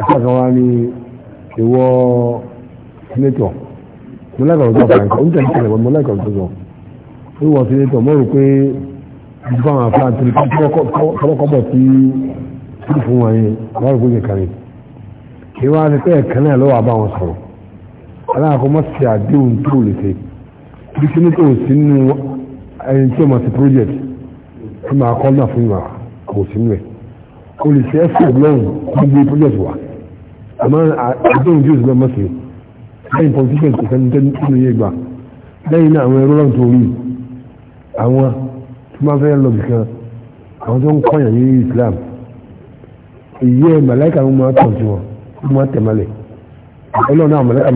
akẹ́kọ̀ọ́ ní ìwọ senator mọ́láìkà ọ̀dọ́ àpàǹkà ó ń tẹ̀lé tẹ̀lé mọ́láìkà ọ̀dọ́ sọ ó wọ senator mọ́ rò pé ìdúpọ̀ àwọn afáà tó kọ́kọ́bọ̀ sí sí fún wọn yẹn wọ́n rò pé yẹn kàrí ìwọ àti pẹ́ẹ́ kan náà lọ́wọ́ àbáwọn sọ̀rọ̀ aláàkọ́ mọ́ sí àdéhùn tó lè ṣe bí kí ní kò sí nínú ẹni tí o máa ti project tí máa kọ́ náà fún ìwà kò sí nínú ẹ̀ o lè ṣe ẹ́sì lọ́hùn gbogbo project wa àmọ́ àdéhùn tí o sì lọ́ mọ́ sí lẹ́yìn politicians kò sẹ́ni tẹ́ni tí mo yé gbà lẹ́yìn náà àwọn ẹ̀rọ lọ́hùn tó rí àwọn tí máa fẹ́ lọ nìkan àwọn tó ń kọ́yàn ní Islam èyí ẹ̀ màláìka ń máa tọ̀ sí wọn ó máa tẹ̀ mọ́lẹ̀ ọlọ́run náà màláìka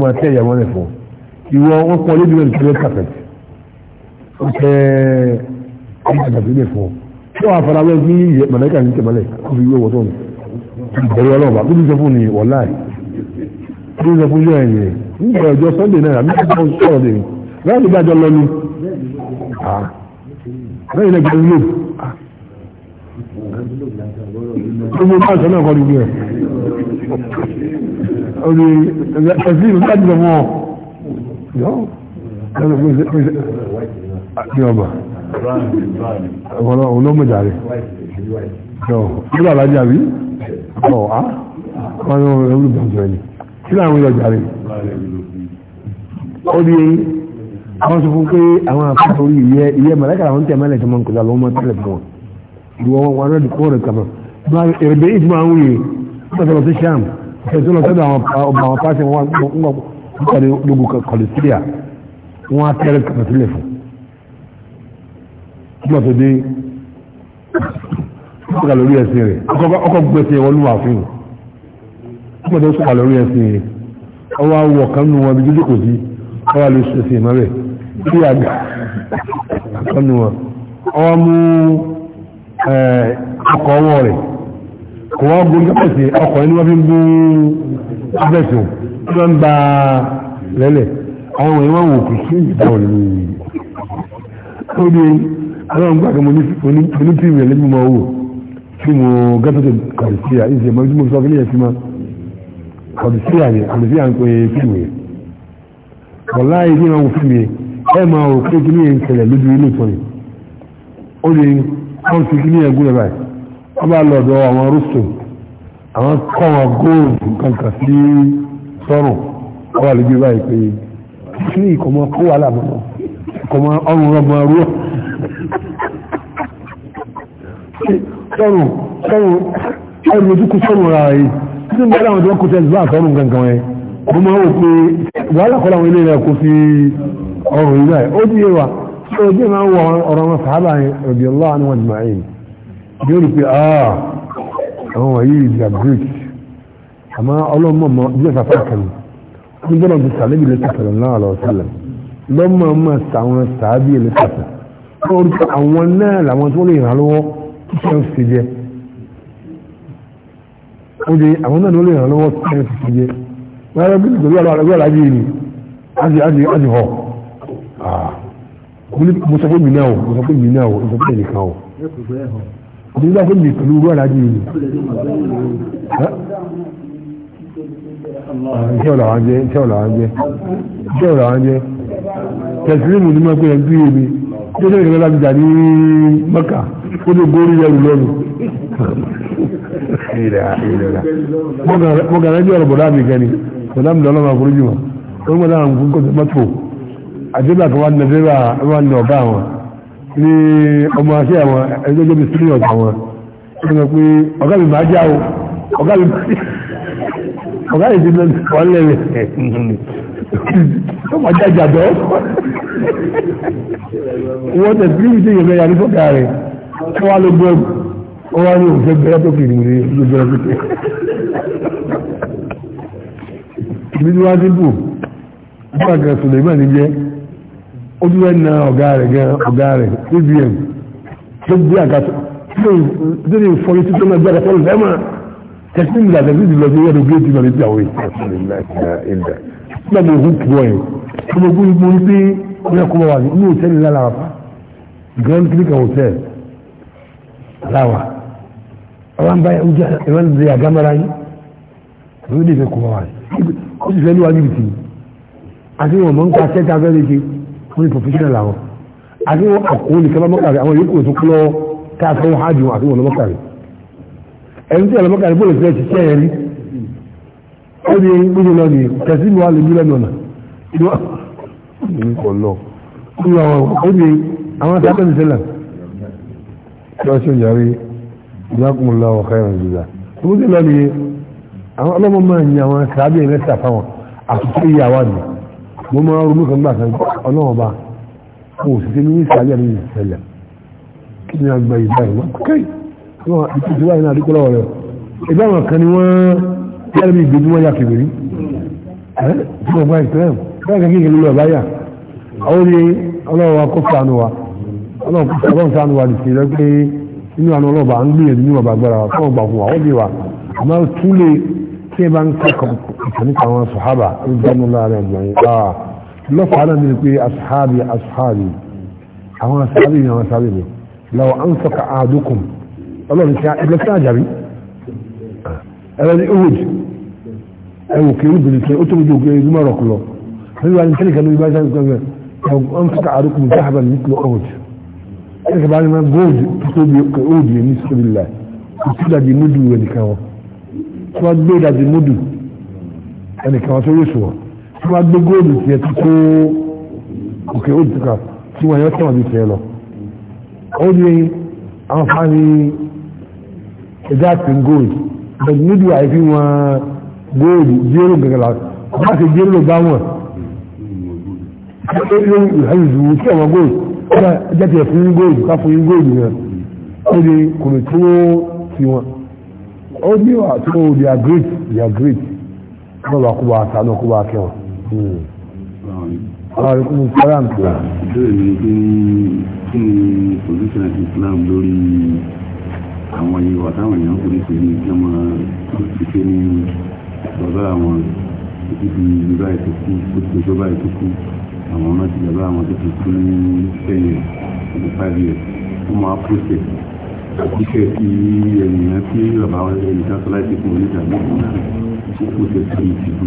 máa tẹ ìyàwó rẹ̀ fún un ìwọ wọn kọ lébi náà nìkan carpet wọn kẹ ẹyìn carpet ilé fọ tí wọn afara wọn fi yẹ mọlẹka ní tẹmọlẹ kó fi wíwọ wọtọ ìbẹ̀rù ọlọ́ọ̀bà kó fi sọ fún ni wọ́n láì kó fi sọ fún yóò ẹ̀yẹ nígbà ọjọ́ sunday náà àmì kó sọ̀rọ̀ dè mí láì nígbà jọ lọ ni lẹ́yìn náà gbẹ̀rù yóò gbogbo máa sọ náà kọ́ ni bí ẹ̀ ọ̀rẹ́ ẹ̀sìn ìlú láti sọ fún ọ. No. No, no, was it, was it? No, ma. Wọ́n lọ ló mú jàre. No, kí ló àlájá rí? Ọ̀ á? Wọ́n lọ ló bàjọ́ ẹni. Kí ló àwọn sọ fún pé àwọn àkókò orí ìyẹ́ ìyẹ́ mọ̀lẹ́kà àwọn tẹ̀ mẹ́lẹ̀ tó máa ń kọjá lọ́wọ́ mọ́ tẹ́lẹ̀ fún wọn. Ìwọ wọn wọn rẹ̀ kọ́ rẹ̀ kàmọ́. Èrèbé ìtumọ̀ àwọn òye. Wọ́n sọ̀rọ̀ sí Sham. Ìṣẹ̀tún lọ sọ́dọ̀ àwọn pàṣẹ wọn nítorí ológun kọlẹsíríà wọn á tẹ́rẹ̀ kàmá sílẹ̀ fún nígbà tó dé sọ̀kà lórí ẹ̀sìn rẹ̀ ọkọ̀ gbẹ̀sẹ̀ wọn ló wà fún un nígbà tó sọ̀kà lórí ẹ̀sìn rẹ̀ ọwọ́ awọ kan nù wọn bí jíjí kò sí ọwọ́ àlè ṣẹ̀sìn ìmọ̀ rẹ̀ sí àgbà kan nù wọn ọwọ́ mú ọkọ̀ ọwọ́ rẹ̀ kò wọ́n gbóngbẹ́sẹ̀ ọkọ̀ ẹni wọ́n fi ń gún abẹ́sùn lẹ́lẹ̀ àwọn ìwọ̀n wò kò sí ìdáwọ̀ lórí ó ní àwọn ìgbà kan mo ní píìmù ẹ̀lẹ́mí máa wò tí mo gátọ́tọ̀ kàrìsíà ìṣe mọ́ mo sọ kílẹ̀ sí ma kàrìsíà ni kàrìsíà ń pè píìmù yẹn wọ̀lá ìdí máa wò fíìmù yẹn ẹ máa wò pé kí ní yẹn ṣẹlẹ̀ lójú ilé ìtọ́ yìí ó ní wọ́n ti kí ní yẹn gúnlẹ̀ báyìí wọ́n bá lọ́dọ̀ àwọn rústò àwọn kọ́ wọn góòlù kankan sí sọ́rùn wà lójú báyìí pé kí ni ìkọ̀mọ́ kó wà lábọ̀ ìkọ̀mọ́ ọrùn rọmọ rú sọ́run sọ́run ẹrù ojú kú sọ́run ra rẹ̀ tí mo dáwọn tó kú tẹ́lẹ̀ bá sọ́run gangan ẹ̀ mo máa wò pé wàhálà kọ́lá àwọn ilé rẹ̀ kò fi ọrùn yìí báyìí ó díye wa ṣé ojú máa ń wọ ọ̀rọ̀ wọn sàábà yẹn ọ̀dì ọlọ́ àwọn ọdún máa yìí yóò rí pé ah àwọn wọ̀nyí ìdí àbúrò àmọ́ ọlọ́mọ mọ́ bí ọ̀sà fún àkàlù gbígbọ́nà ti sàlẹ́bì lẹ́sàkàlẹ̀ náà lọ sálẹ̀ lọ́mọ ọmọ sàwọn sàábì lẹ́sàkàlẹ̀ wọ́n rí àwọn náà làwọn tó lè ràn lọ́wọ́ tí sẹ́yìn ti jẹ́ ó di àwọn náà ló lè ràn lọ́wọ́ tí sẹ́yìn ti jẹ́ wọ́n yára bí ìgbèrú àlọ́ àlájì ni ájì ájì ájì họ ah. mo sọ pé mi náà o mo sọ pé mi náà o mo sọ pé mi kan o mo sọ pé mi pẹ̀lú àlájì ni iṣẹ́ ọ̀là wọn jẹ́ iṣẹ́ ọ̀là wọn jẹ́ iṣẹ́ ọ̀là wọn jẹ́ tẹ̀sílímù ní mọ́pẹ́ ẹ̀bí èmi tó ṣe ìrẹ́lá ti jà ní mọ́kà ó ní gorí ẹrù lọ́nu mọ́kà rẹ̀ jẹ́ ọ̀rọ̀ bọ̀dá mi gẹ́ni bọ̀dá mi lọ́lọ́mà foríjì wọn ó ń gbọ́dá àwọn nǹkan kọ́sẹ̀ mọ́tò àjẹ́bà kan wà nàìjíríà wà ní ọ̀gá wọn ní ọmọ aṣẹ́ àwọn ẹgbẹ́jọ́ bí sílíọ̀sì àwọn ó sọ pé ọ̀gá mi máa já o ọ̀gá mi máa já ọ̀gá ìdí lọ kọ́ lẹ́rẹ̀ ọmọ jájà bọ́ wọ́n tẹ̀ sí ibi tí yẹ̀mẹ̀ yà ní fọ́kà rẹ̀ kí wọ́n lọ gbọ́ ọ wá ní òfin bẹ́rẹ̀ tó kìrì ní ojú bẹ́rẹ̀ tó kìrì ibi tí wọ́n ti bù nípa kan Suleiman ní jẹ́ ó tún wẹ́ na ọ̀gá rẹ̀ gan ọ̀gá rẹ̀ cbn tó gbé àgàtọ̀ tó ní ìfọyín títí tó máa gbé àgàtọ̀ lẹ́mọ̀ọ́ tẹsí ìlà tẹsí ìlọ sí yẹnu bíi ti lọ ní ti àwọn èèyàn náà mo hu pọ̀ ẹ̀ ọmọ ogun ibo ní pé ọmọ ẹ̀kọ́ wa ní hòtẹ́ẹ̀lì lára wa grand clinic hotel láwa ọba ń báyà ojú ẹ̀rọ ń bẹ̀rẹ̀ àgámọ́ra yín ló dé fẹ́ kọ́ wa ó sì fẹ́ ní wa níbi tì í àti wọn mọ̀ ń pa sẹ́ta fẹ́ lè ṣe wọ́n ní professional àwọn àti wọn àkóónì kẹ́lá mọ́kàrí àwọn yòókù tó kọ́ lọ́wọ́ a fẹ́ wọ́n hájú ẹni tí ọ̀lọ́mọ́ kan bóyá ìfẹ́ ti tẹ́ ẹ rí ó ní gbójú lọ ní kẹsí mi wà lè gbúlẹ̀ nọ̀nà ìlú kò lọ ó ní àwọn sábẹ́ ní sẹ́lẹ̀ tí wọ́n ṣe yàrí ìdákùnlá ọ̀ká ẹ̀rọ ìjìlá tó ti lọ ní àwọn ọlọ́mọ máa ń yan àwọn sábẹ́ ẹlẹ́sà fáwọn àtúntò yìí àwa nì mo máa ronú kan gbà kan ọlọ́wọ́n bá kò sì ti ní sábẹ́ ẹlẹ́sà fẹ́lẹ̀ kí ni àgbà ìgbà ìwà kékeré wọn àti ìdíwà iná àdúgbò lọ́wọ́ rẹ̀ ẹgbẹ́ àwọn kan ni wọ́n yára bí ìgbé tí wọ́n yà kébèrè ẹ́ tí wọ́n gba ìsìlẹ̀m báyìí kan kí ìgbé lọ́wọ́ báyà àwọn ni ọlọ́wọ́ kó sànù wa ọlọ́wọ́ sànù wa nìṣẹ́ rẹ pé inú àná ọlọ́ba à ń gbìyànjú ní ọba agbára wa fún ọgbà fún wa ó bí wa àmọ́ túlé tí ẹ bá ń kọ́ ìtàn àwọn sàhábà ń ọlọ́run ṣá ẹgbẹ́ sí àjàrí ẹ̀rọ ní owó ẹ̀wò kí olùbìnrin ṣe ó tóbi ju òkè ìlú mọ̀rọ̀ kùlọ̀ nígbà ní kílìkà ní ìbáṣà ní gbẹ̀gbẹ̀ ọ̀n fúta àrùkù ní sáhàbà ní kùlọ̀ ọ̀hún kílìkà bá ní ma góòdù tó tóbi òkè òdì ní sóbi là ìtú dàbí múdù rẹ̀ nìkan wọn tí wọ́n gbé dàbí múdù ẹnìkan wọn tó yóò wọn tí wọ́n gbé góòdù tiẹ̀ tó kó òkè òdì tó kà tí wọ́n yọ exacting gold but níbi àìfi wọn gold jérò gẹ̀gẹ̀lá bá ṣe jérò ló bá wọn lórí ìhàlùzù tí àwọn gold ọ̀dà jẹ́tì ẹ̀fún yín gold ká fún yín gold yẹn ó di kò lè tó sí wọn ó ní wà tó they are great they are great wọ́n wà kó wà sànú kó wà kẹwọn. Aleykum salaam. Bẹ́ẹ̀ ni kí ni solution Islam lórí àwọn ìwà táwọn èèyàn kò ní ṣe ní kí wọ́n ṣiṣẹ́ ní bàbá àwọn ìdíbi ìjọba ìtòkú òtò ìjọba ìtòkú àwọn ọmọ ti bàbá àwọn tó ti kú ní sẹ́yìn ọdún five years wọ́n máa pọ́sẹ̀ àbíkẹ́ tí ènìyàn tí bàbá ẹnìkan sọ láti fún oníta ní ìgbà ó pọ́sẹ̀ sí ìdìbò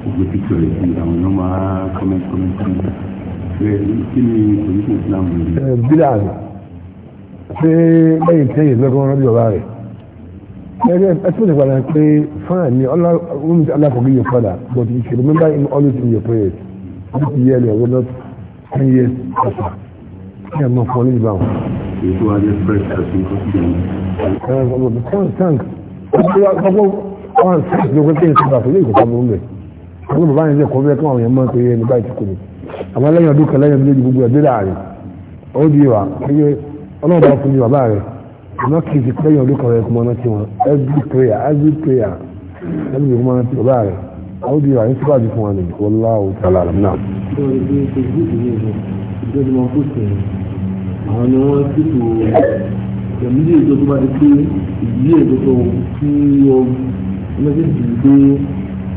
gbogbo píkọ̀ rẹ̀ sí àwọn èèyàn máa kọ́mẹ́kọ́mẹ́kọ́mẹ́ bẹ́ẹ̀ kí ni oníṣẹ́ ìsìlámù rẹ̀ pé lẹ́yìn tí èyí lọ́gbọ́n rọ́bì ọ̀rá rẹ̀ ẹgbẹ́ ti gbàdá pé fáà ní ọlọ́run alákọ̀ọ́gbé yóò padà but you should remember him always in your prayers this year ni ọ̀rọ̀ not ten years after kí ẹ̀ mọ̀ fún ọ nígbà wọn. ètò ajé fresh as you go see me. thank thank ọgbọ́n wọn six lókè tí èyí bàtà lóyè kọ́kọ́ mọ́ mẹ́ àwọn bàbá yẹn kọ́ bẹ́ẹ̀ káwọn yẹn mọ́ pé ẹni báyìí ti kú ni àwọn lẹ́yìn ọdún kan lẹ́yìn ọdún gbogbo ẹ̀ ọlọ́run bá fún mi bàbá rẹ̀ ọ̀nà kì í fi pẹ́yìn olùkọ́ rẹ̀ kọ́mọ náà ti wọn every prayer every prayer ẹni bí kọ́mọ náà ti bàbá rẹ̀ àwọn òbí rà ní sípàdé fún wọn ni wallahu ta'ala alam náà. àwọn ni wọ́n ti tó ìdílé ètò tó bá ti pé ìdílé ètò tó kí ọ mẹ́sẹ̀sì gbé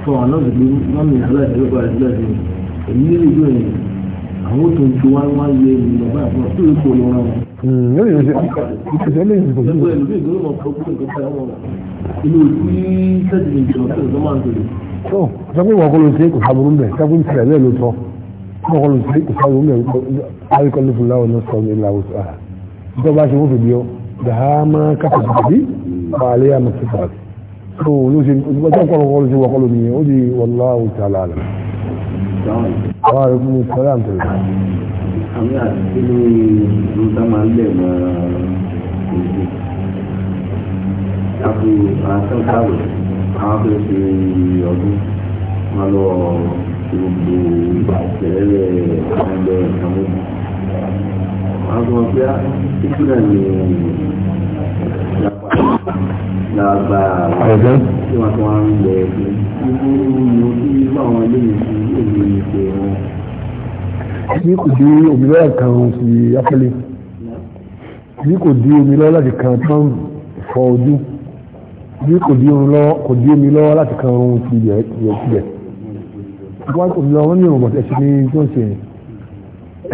fún àwọn náà gbé mọ́mí aláìsílẹ́gbà ìdílé ètò ìdílé ètò yẹn àwọn tó ń tó wá wá yẹ ìgbà báyìí lórí ìrìnsẹ̀ ìrìnsẹ̀ lè yìí kò sí. ẹgbẹ́ ìlú ìgbóná mọ̀ fún ọkùnrin tó fẹ́ wọn inú òtún sẹ́jìlì ìjọba tó lọ́ máa ń tẹ̀lé. tó sọ́kùn ìwà ọkọ̀ ló ṣe kò sábúrú mbẹ̀ sọ́kùn ìṣẹ̀lẹ̀ lẹ́ẹ̀ ló sọ ìwà ọkọ̀ ló ṣe kò sábúrú mbẹ̀ àríkọ́lù fúláwọ̀ náà sọ ilà òtù à ìjọba ṣe wọ́n fi bí ọ dàámà kápẹ́tì wàhálẹ́ àmọ́ sípàt tó ló ṣe ọjọ́ ọkọ̀ ló ṣe wọ́kọ̀ ló ó di wàlláhù tààlà àlẹ́ àmì àti nínú ìlú tá máa ń lẹ̀ mọ́ èdè àpò àtọ́ káwé àwọn afẹ́ ṣe ọdún wọn lọ gbogbo ìbàjẹ́lẹ̀ ẹgbẹ́ ìsàmójú wọn sọ pé ìtura ni lágbà tí wọn tó wá ń lẹ ẹgbẹ́ ìlú ni ó ti bá àwọn ilé ìsìn ìlú ìṣe bí kò dé òmìnira kan sí afẹ́lẹ́ bí kò dé òmìnira láti kan tán fọ ojú bí kò dé òmìnira láti kan ohun sí ìyẹ̀kúbẹ̀ wọ́n kò lọ wọ́n ní ìrùbọ̀ ẹ̀ṣẹ̀ ní tí wọ́n ṣe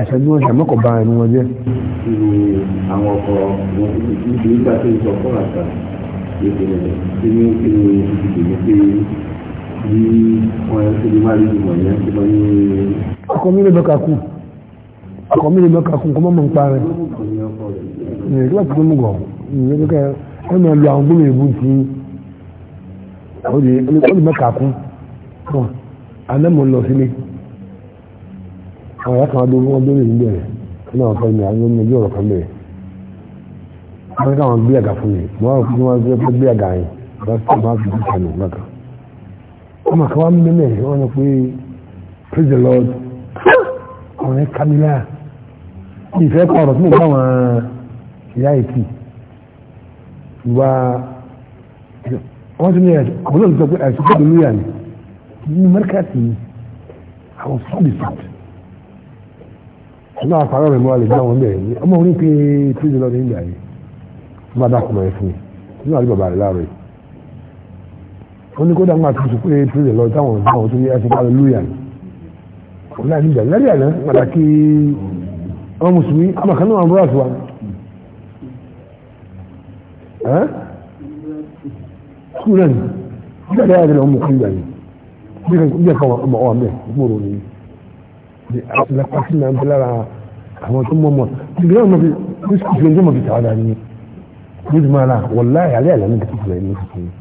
ẹ̀ṣẹ̀ tí wọ́n ṣe àmọ́kọ̀ bá ẹnu wọn jẹ́. àwọn ọkọ̀ nígbà tó ń sọ fún àṣà ìpínlẹ̀ tí ní ìpínlẹ̀ ọkọ̀ mi lè mẹ́ka kú ọkọ̀ mi lè mẹ́ka kú kọ́ mọ́mọ́ ń parẹ́ ẹ̀ kí lọ́pù tó mú gọ̀ ẹ̀ mẹ́ka ẹ̀ máa lo àwọn gómìnà ìbú ti ó lè mẹ́ka kú anẹ́mọ̀ lọ sílé àwọn yàtọ̀ adó wọn gbé nínú bẹ̀rẹ̀ nínú àwọn fẹ́mi àwọn ọmọ ẹgbẹ́ ọ̀rọ̀ kan bẹ̀rẹ̀ wọ́n ká wọn gbé àga fún mi wọ́n fi wọ́n gbé àga yẹn wọ́n fi wọ́n fi dúkà nù ọmọ kan wá ń bẹ́lẹ̀ wọ́n ní pé praise the lord àwọn ẹ̀ kamilá ìfẹ́ kan ọ̀rọ̀ tí mo bá wọn ìyá ìtì wá wọ́n ti ní àwọn náà sọ pé àìsàn tó lóyà ni ní mẹ́ríkàtì àwọn sọ́ọ̀bì sọ́ọ̀bì ọmọ àpárọ̀ rẹ̀ mọ́ àlejò àwọn bẹ̀rẹ̀ ni ọmọ orí pé praise the lord nígbà yìí wọ́n bá dákùnmọ̀ fún mi nínú àdúgbò bàrẹ̀ láàárọ̀ ó ní kódà máa tuntun pé pèsè lọ táwọn ọ̀dọ́ àwọn tó yẹ ẹsẹ̀ bá lóyà ní ọ̀la ní ìjà lẹ́rìí àná pàtàkì àwọn mùsùlùmí àmàkà náà àbúrò àtiwá sukuu náà ní ìjà lẹ́yà àti ọmọ òkú ìgbà ní bí ìjà kan ọmọ ọmọ mẹ gbòòrò ní ní àtìlápàtì náà bẹ lára àwọn tó mọ̀ mọ̀ ìgbà náà mọ̀ fi ní sukuu fi ẹjọ́ mọ̀ fi tàwádà ní bí ìdùnnú ara wọ̀láyà alẹ́ àlẹ́ ní kìtìkìtì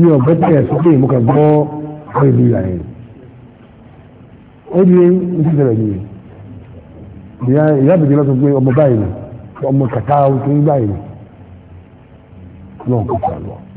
ní ọgbẹ́ tí ẹ̀sùn pé ìmúkà gbọ́ ọ ìlú ìyá yẹn ó di ní ti sẹ̀rẹ̀ nìyẹn ìyá ìyá bèbè lọ́sọ̀ pé ọmọ báyìí ni ọmọ kàtà tó ń báyìí ni lọ́nkọ̀ sọ̀rọ̀